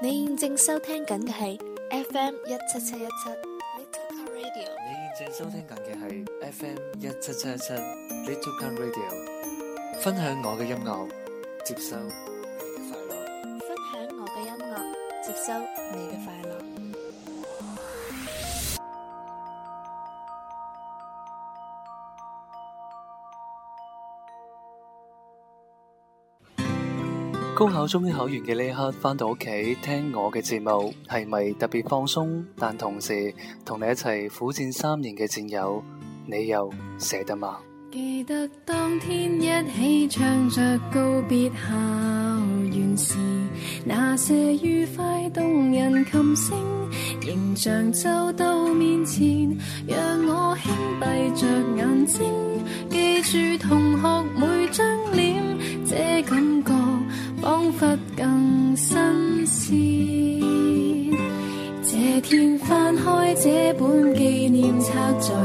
你現正收聽緊嘅係 FM 一七七一七。你現正收聽緊嘅係 FM 一七七一七，Little Car Radio 分分。分享我嘅音樂，接收你嘅快樂。分享我嘅音樂，接收你嘅快樂。高考終於考完嘅呢一刻，翻到屋企聽我嘅節目，係咪特別放鬆？但同時同你一齊苦戰三年嘅戰友，你又捨得嗎？記得當天一起唱着告別校園時，那些愉快動人琴聲，形象就到面前，讓我輕閉著眼睛，記住痛。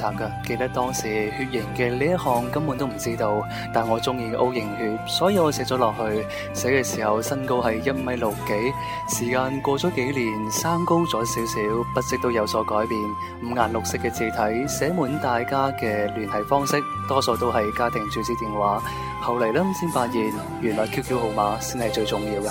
查噶，記得當時血型嘅呢一項根本都唔知道，但我中意嘅 O 型血，所以我寫咗落去。寫嘅時候身高係一米六幾，時間過咗幾年，生高咗少少，筆跡都有所改變。五顏六色嘅字體寫滿大家嘅聯繫方式，多數都係家庭住址、電話。後嚟呢先發現，原來 QQ 號碼先係最重要嘅。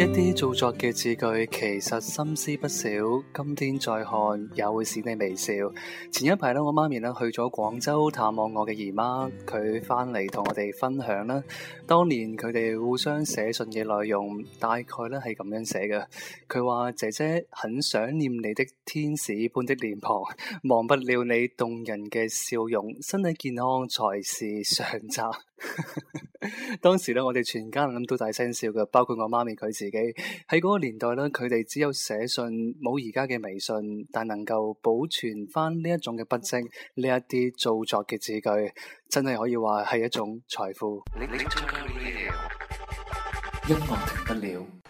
一啲做作嘅字句，其實心思不少。今天再看，也會使你微笑。前一排咧，我媽咪咧去咗廣州探望我嘅姨媽，佢翻嚟同我哋分享啦。當年佢哋互相寫信嘅內容，大概咧係咁樣寫嘅。佢話，姐姐很想念你的天使般的臉龐，忘不了你動人嘅笑容。身體健康才是上策。 當時咧，我哋全家人諗到大聲笑嘅，包括我媽咪佢自己。喺嗰個年代咧，佢哋只有寫信，冇而家嘅微信，但能夠保存翻呢一種嘅筆跡，呢一啲造作嘅字句，真係可以話係一種財富。音樂停不了。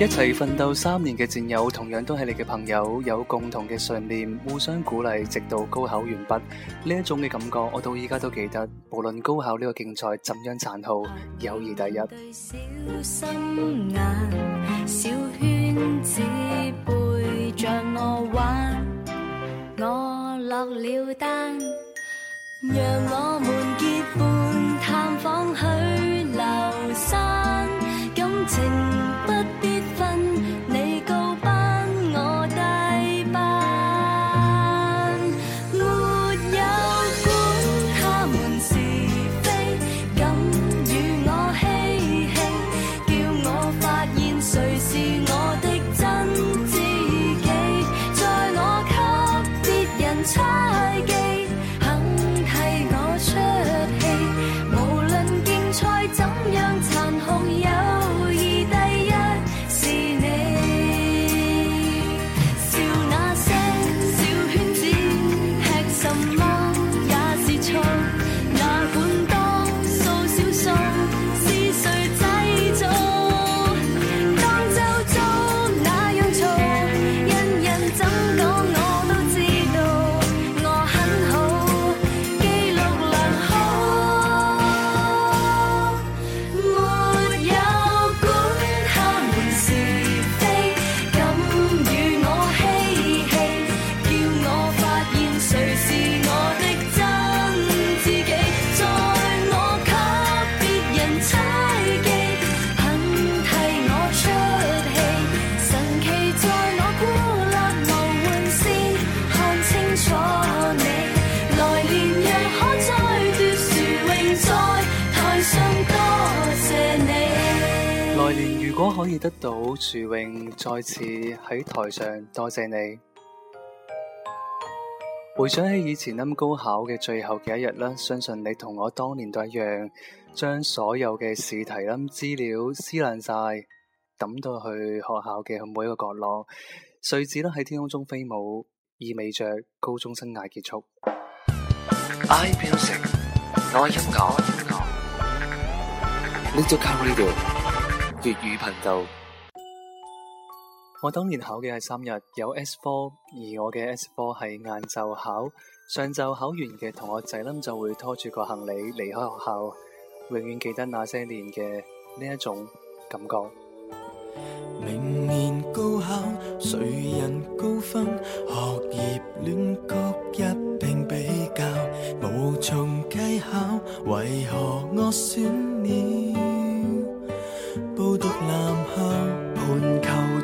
一齊奮鬥三年嘅戰友，同樣都係你嘅朋友，有共同嘅信念，互相鼓勵，直到高考完畢。呢一種嘅感覺，我到依家都記得。無論高考呢個競賽怎樣殘酷，友誼第一。對小心眼，小圈子背着我玩，我落了單，讓我們結伴探訪去。再次喺台上多謝你。回想起以前咁高考嘅最後嘅一日啦，相信你同我當年都一樣，將所有嘅試題諗資料撕爛曬，抌到去學校嘅每一個角落，碎紙咧喺天空中飛舞，意味着高中生涯結束。I music，愛音樂音樂，你做靠你嘅粵語頻道。我當年考嘅係三日有 S 科，而我嘅 S 科係晏晝考，上晝考完嘅同學仔冧就會拖住個行李離開學校，永遠記得那些年嘅呢一種感覺。明年高考，誰人高分？學業亂局一並比較，無從稽考，為何我選了報讀男校？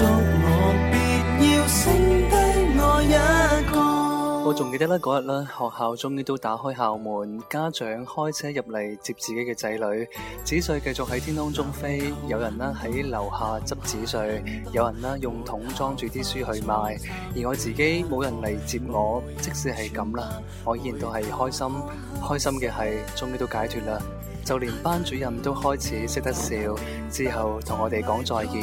我仲記得啦，嗰日啦，學校終於都打開校門，家長開車入嚟接自己嘅仔女，紙碎繼續喺天空中飛，有人啦喺樓下執紙碎，有人啦用桶裝住啲書去賣，而我自己冇人嚟接我，即使係咁啦，我依然都係開心，開心嘅係，終於都解脫啦，就連班主任都開始識得笑，之後同我哋講再見。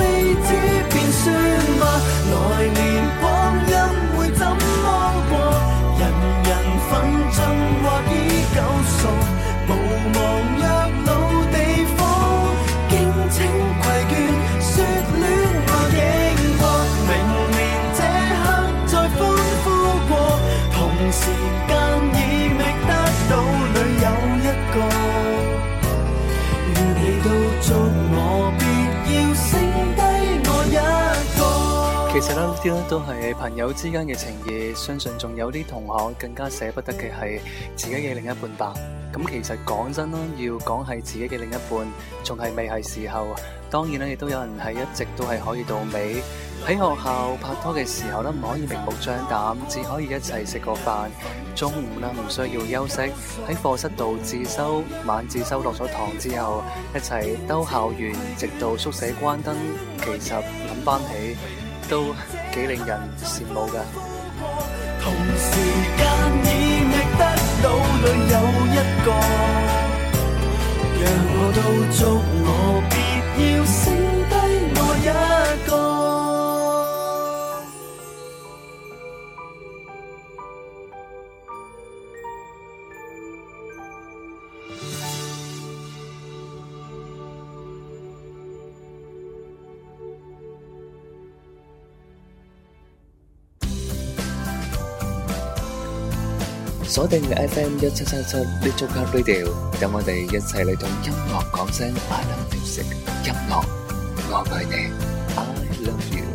做我別要剩低我一個。其實呢啲咧都係朋友之間嘅情誼，相信仲有啲同學更加捨不得嘅係自己嘅另一半吧。咁其實講真啦，要講係自己嘅另一半，仲係未係時候。當然咧，亦都有人係一直都係可以到尾。喺學校拍拖嘅時候呢，唔可以明目張膽，只可以一齊食個飯。中午呢，唔需要休息，喺課室度自修，晚自修落咗堂之後，一齊兜校園，直到宿舍關燈。其實諗翻起都幾令人羨慕噶。鎖定嘅 FM 一七七七的足卡 radio，等我哋一齊嚟，同音樂講聲 I love music，音樂我愛你 I love you。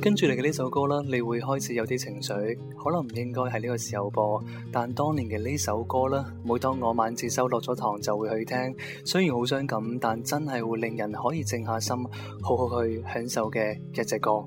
跟住嚟嘅呢首歌啦，你會開始有啲情緒，可能唔應該喺呢個時候播，但當年嘅呢首歌啦，每當我晚自修落咗堂就會去聽，雖然好傷感，但真係會令人可以靜下心，好好去享受嘅一隻歌。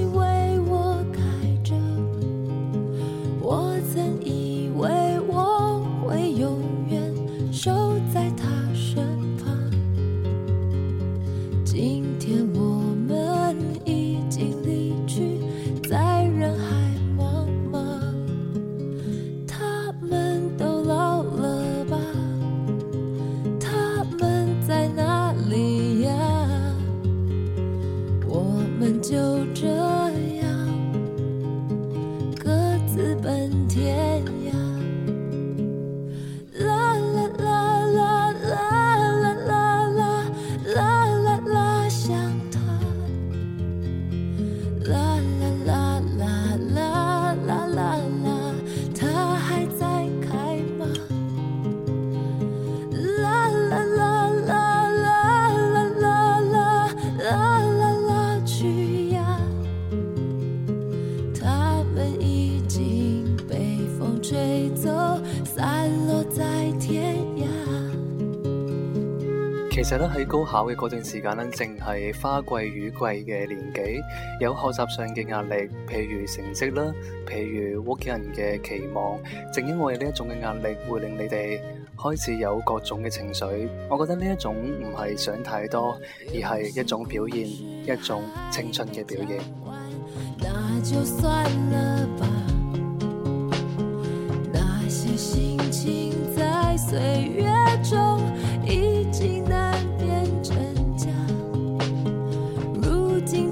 其實咧喺高考嘅嗰段時間咧，正係花季雨季嘅年紀，有學習上嘅壓力，譬如成績啦，譬如屋企人嘅期望。正因為呢一種嘅壓力，會令你哋開始有各種嘅情緒。我覺得呢一種唔係想太多，而係一種表現，一種青春嘅表現。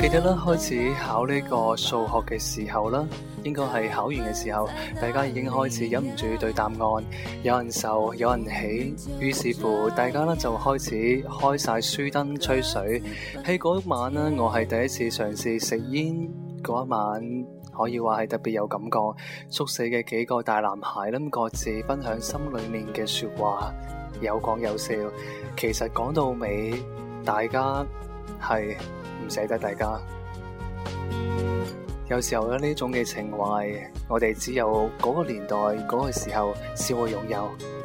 記得啦，開始考呢個數學嘅時候啦，應該係考完嘅時候，大家已經開始忍唔住對答案，有人愁，有人喜。於是乎大家咧就開始開晒書燈吹水。喺嗰晚呢，我係第一次嘗試食煙，嗰一晚可以話係特別有感覺。宿舍嘅幾個大男孩咁各自分享心裏面嘅說話，有講有笑。其實講到尾，大家係捨得大家，有時候呢種嘅情懷，我哋只有嗰個年代嗰個時候先會擁有。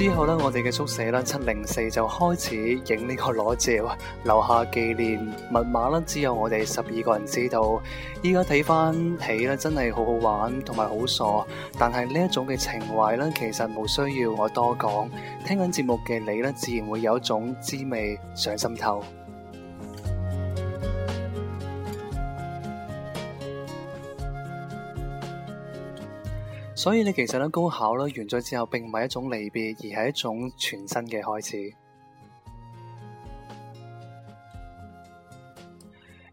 之後咧，我哋嘅宿舍咧七零四就開始影呢個裸照，留下紀念密碼，密碼咧只有我哋十二個人知道。依家睇翻起咧，真係好好玩，同埋好傻。但係呢一種嘅情懷咧，其實冇需要我多講，聽緊節目嘅你咧，自然會有一種滋味上心頭。所以你其實咧，高考啦，完咗之後，並唔係一種離別，而係一種全新嘅開始。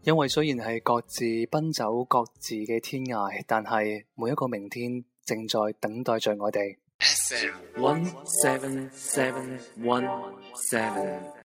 因為雖然係各自奔走各自嘅天涯，但係每一個明天正在等待着我哋。7, 1, 7, 7, 1, 7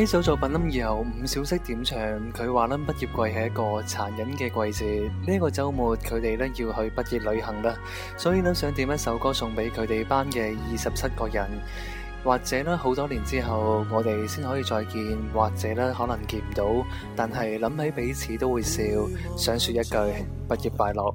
呢首作品諗以後唔少識點唱，佢話諗畢業季係一個殘忍嘅季節。呢個周末佢哋咧要去畢業旅行啦，所以諗想點一首歌送俾佢哋班嘅二十七個人，或者咧好多年之後我哋先可以再見，或者咧可能見唔到，但係諗起彼此都會笑，想說一句畢業快樂。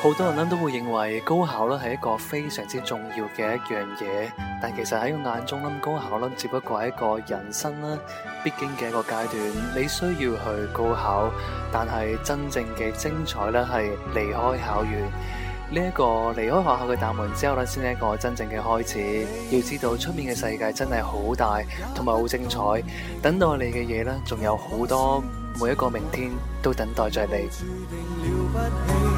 好多人咧，都會認為高考咧係一個非常之重要嘅一樣嘢，但其實喺我眼中咧，高考咧只不過係一個人生啦必經嘅一個階段。你需要去高考，但係真正嘅精彩咧係離開校園呢一個離開學校嘅大門之後咧，先係一個真正嘅開始。要知道出面嘅世界真係好大，同埋好精彩，等待你嘅嘢呢，仲有好多，每一個明天都等待着你。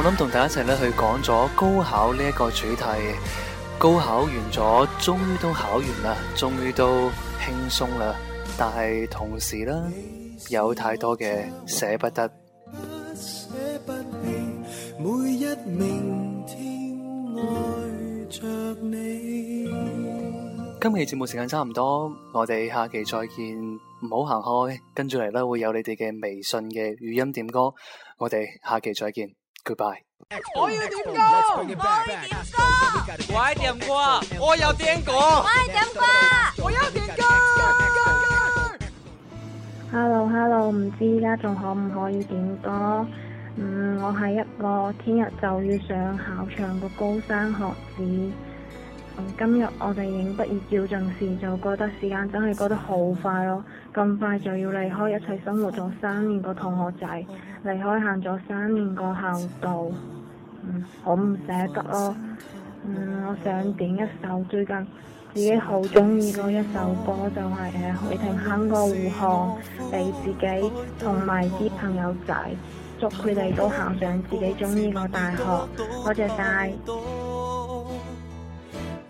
我諗同大家一齊咧去講咗高考呢一個主題，高考完咗，終於都考完啦，終於都輕鬆啦。但係同時咧，有太多嘅捨不得、捨不棄。每一明天愛着你。今期節目時間差唔多，我哋下期再見。唔好行開，跟住嚟咧會有你哋嘅微信嘅語音點歌。我哋下期再見。Goodbye. 我要點歌，可以點歌？快點歌！我要點歌！快點歌！我要點歌，要歌！Hello Hello，唔知依家仲可唔可以點歌？嗯，我係一個聽日就要上考場嘅高三學子。嗯、今日我哋影畢業照陣時，就覺得時間真係過得好快咯、哦！咁快就要離開一齊生活咗三年個同學仔，離開行咗三年個校道，好、嗯、唔捨得咯、哦嗯。我想點一首最近自己好中意嗰一首歌、就是，就係誒許廷鏗個《湖畔》，俾自己同埋啲朋友仔，祝佢哋都行上自己中意個大學。多謝晒。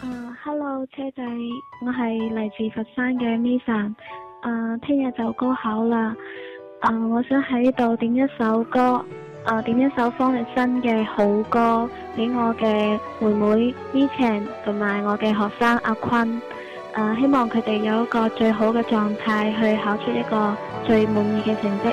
啊、uh,，Hello，車仔，我係嚟自佛山嘅 Mason 啊，聽、uh, 日就高考啦！啊、uh,，我想喺度點一首歌，啊、uh,，點一首方力申嘅好歌，俾我嘅妹妹 Mitchan 同埋我嘅學生阿坤。啊、uh,，希望佢哋有一個最好嘅狀態去考出一個最滿意嘅成績。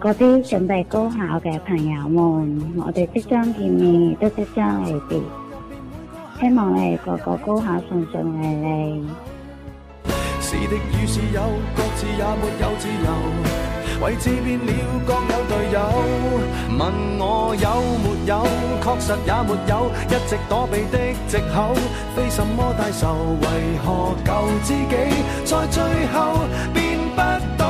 嗰啲準備高考嘅朋友們，我哋即將見面，都即將離別。希望你哋個個高考順順利利。是敵與是友，各自也沒有自由。位置變了，各有隊友。問我有沒有，確實也沒有，一直躲避的藉口。非什麼大仇，為何舊知己，在最後變不到。